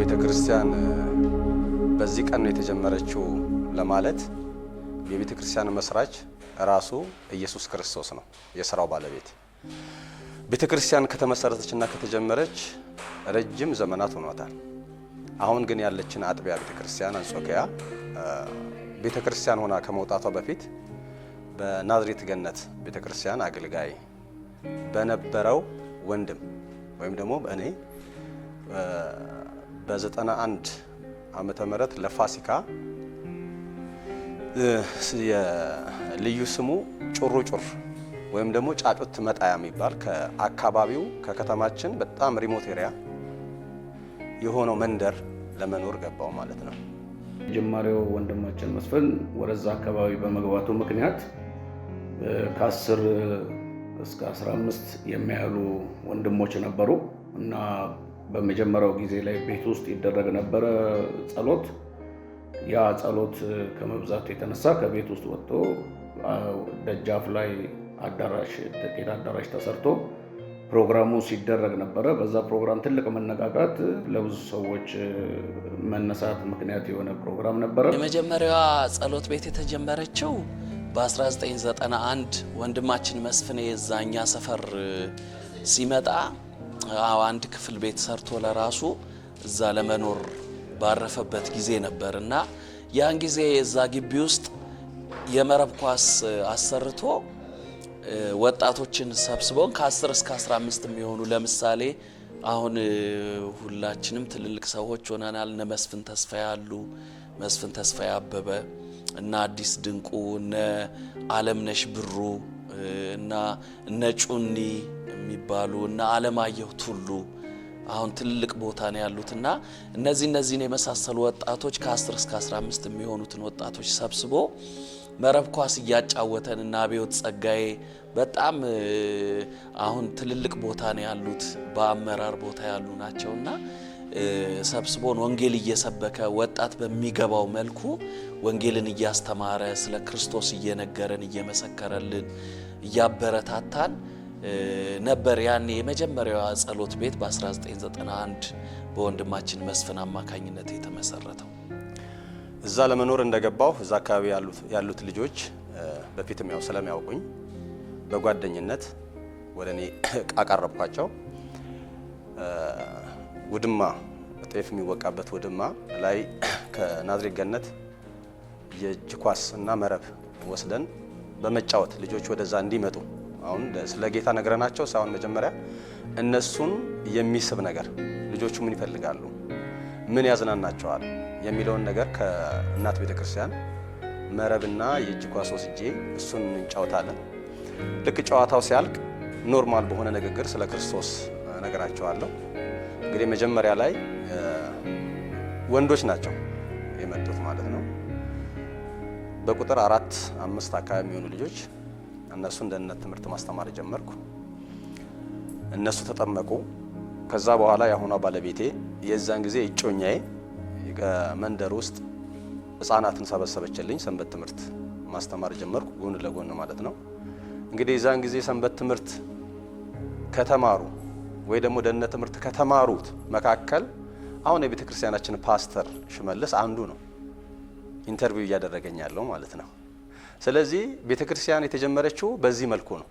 ቤተ ክርስቲያን በዚህ ቀን ነው የተጀመረችው ለማለት የቤተ ክርስቲያን መስራች ራሱ ኢየሱስ ክርስቶስ ነው የስራው ባለቤት። ቤተ ክርስቲያን ከተመሰረተችና ከተጀመረች ረጅም ዘመናት ሆኗታል። አሁን ግን ያለችን አጥቢያ ቤተ ክርስቲያን አንጾኪያ ቤተ ክርስቲያን ሆና ከመውጣቷ በፊት በናዝሬት ገነት ቤተ ክርስቲያን አገልጋይ በነበረው ወንድም ወይም ደግሞ በእኔ በ91 ዓመተ ምህረት ለፋሲካ ልዩ ስሙ ጩሩጩር ወይም ደግሞ ጫጩት መጣያ የሚባል ከአካባቢው ከከተማችን በጣም ሪሞት ኤሪያ የሆነው መንደር ለመኖር ገባው ማለት ነው። ጀማሪው ወንድማችን መስፍን ወደዛ አካባቢ በመግባቱ ምክንያት ከ10 እስከ 15 የሚያሉ ወንድሞች ነበሩ እና በመጀመሪያው ጊዜ ላይ ቤት ውስጥ ይደረግ ነበረ ጸሎት። ያ ጸሎት ከመብዛት የተነሳ ከቤት ውስጥ ወጥቶ ደጃፍ ላይ አዳራሽ ጥቂት አዳራሽ ተሰርቶ ፕሮግራሙ ሲደረግ ነበረ። በዛ ፕሮግራም ትልቅ መነቃቃት፣ ለብዙ ሰዎች መነሳት ምክንያት የሆነ ፕሮግራም ነበረ። የመጀመሪያዋ ጸሎት ቤት የተጀመረችው በ1991 ወንድማችን መስፍን የዛኛ ሰፈር ሲመጣ አዎ አንድ ክፍል ቤት ሰርቶ ለራሱ እዛ ለመኖር ባረፈበት ጊዜ ነበር እና ያን ጊዜ እዛ ግቢ ውስጥ የመረብ ኳስ አሰርቶ ወጣቶችን ሰብስበውን ከ10 እስከ 15 የሚሆኑ ለምሳሌ አሁን ሁላችንም ትልልቅ ሰዎች ሆነናል። እነ መስፍን ተስፋ ያሉ መስፍን ተስፋ ያበበ እና አዲስ ድንቁ እነ አለምነሽ ብሩ እና እነ ጩኒ የሚባሉ እና አለማየሁ ቱሉ አሁን ትልቅ ቦታ ነው ያሉት እና እነዚህ እነዚህን የመሳሰሉ ወጣቶች ከ10 እስከ 15 የሚሆኑትን ወጣቶች ሰብስቦ መረብ ኳስ እያጫወተን እና አብዮት ጸጋዬ በጣም አሁን ትልልቅ ቦታ ነው ያሉት፣ በአመራር ቦታ ያሉ ናቸውና ሰብስቦን ወንጌል እየሰበከ ወጣት በሚገባው መልኩ ወንጌልን እያስተማረ ስለ ክርስቶስ እየነገረን እየመሰከረልን እያበረታታን ነበር። ያኔ የመጀመሪያዋ ጸሎት ቤት በ1991 በወንድማችን መስፍን አማካኝነት የተመሰረተው። እዛ ለመኖር እንደገባው እዛ አካባቢ ያሉት ልጆች በፊትም ያው ስለሚያውቁኝ በጓደኝነት ወደ እኔ አቀረብኳቸው። ውድማ ጤፍ የሚወቃበት ውድማ ላይ ከናዝሬት ገነት የእጅ ኳስ እና መረብ ወስደን በመጫወት ልጆች ወደዛ እንዲመጡ አሁን ስለ ጌታ ነግረናቸው ሳይሆን መጀመሪያ እነሱን የሚስብ ነገር ልጆቹ ምን ይፈልጋሉ፣ ምን ያዝናናቸዋል የሚለውን ነገር ከእናት ቤተ ክርስቲያን መረብና የእጅ ኳስ ወስጄ እሱን እንጫወታለን። ልክ ጨዋታው ሲያልቅ ኖርማል በሆነ ንግግር ስለ ክርስቶስ ነገራቸዋለሁ። እንግዲህ መጀመሪያ ላይ ወንዶች ናቸው የመጡት ማለት ነው። በቁጥር አራት አምስት አካባቢ የሚሆኑ ልጆች እነሱ እንደነት ትምህርት ማስተማር ጀመርኩ። እነሱ ተጠመቁ። ከዛ በኋላ የአሁኗ ባለቤቴ የዛን ጊዜ እጮኛዬ ከመንደር ውስጥ ህጻናትን ሰበሰበችልኝ። ሰንበት ትምህርት ማስተማር ጀመርኩ፣ ጎን ለጎን ማለት ነው። እንግዲህ የዛን ጊዜ ሰንበት ትምህርት ከተማሩ ወይ ደግሞ ደህንነት ትምህርት ከተማሩት መካከል አሁን የቤተ ክርስቲያናችን ፓስተር ሽመልስ አንዱ ነው፣ ኢንተርቪው እያደረገኝ ያለው ማለት ነው። ስለዚህ ቤተ ክርስቲያን የተጀመረችው በዚህ መልኩ ነው።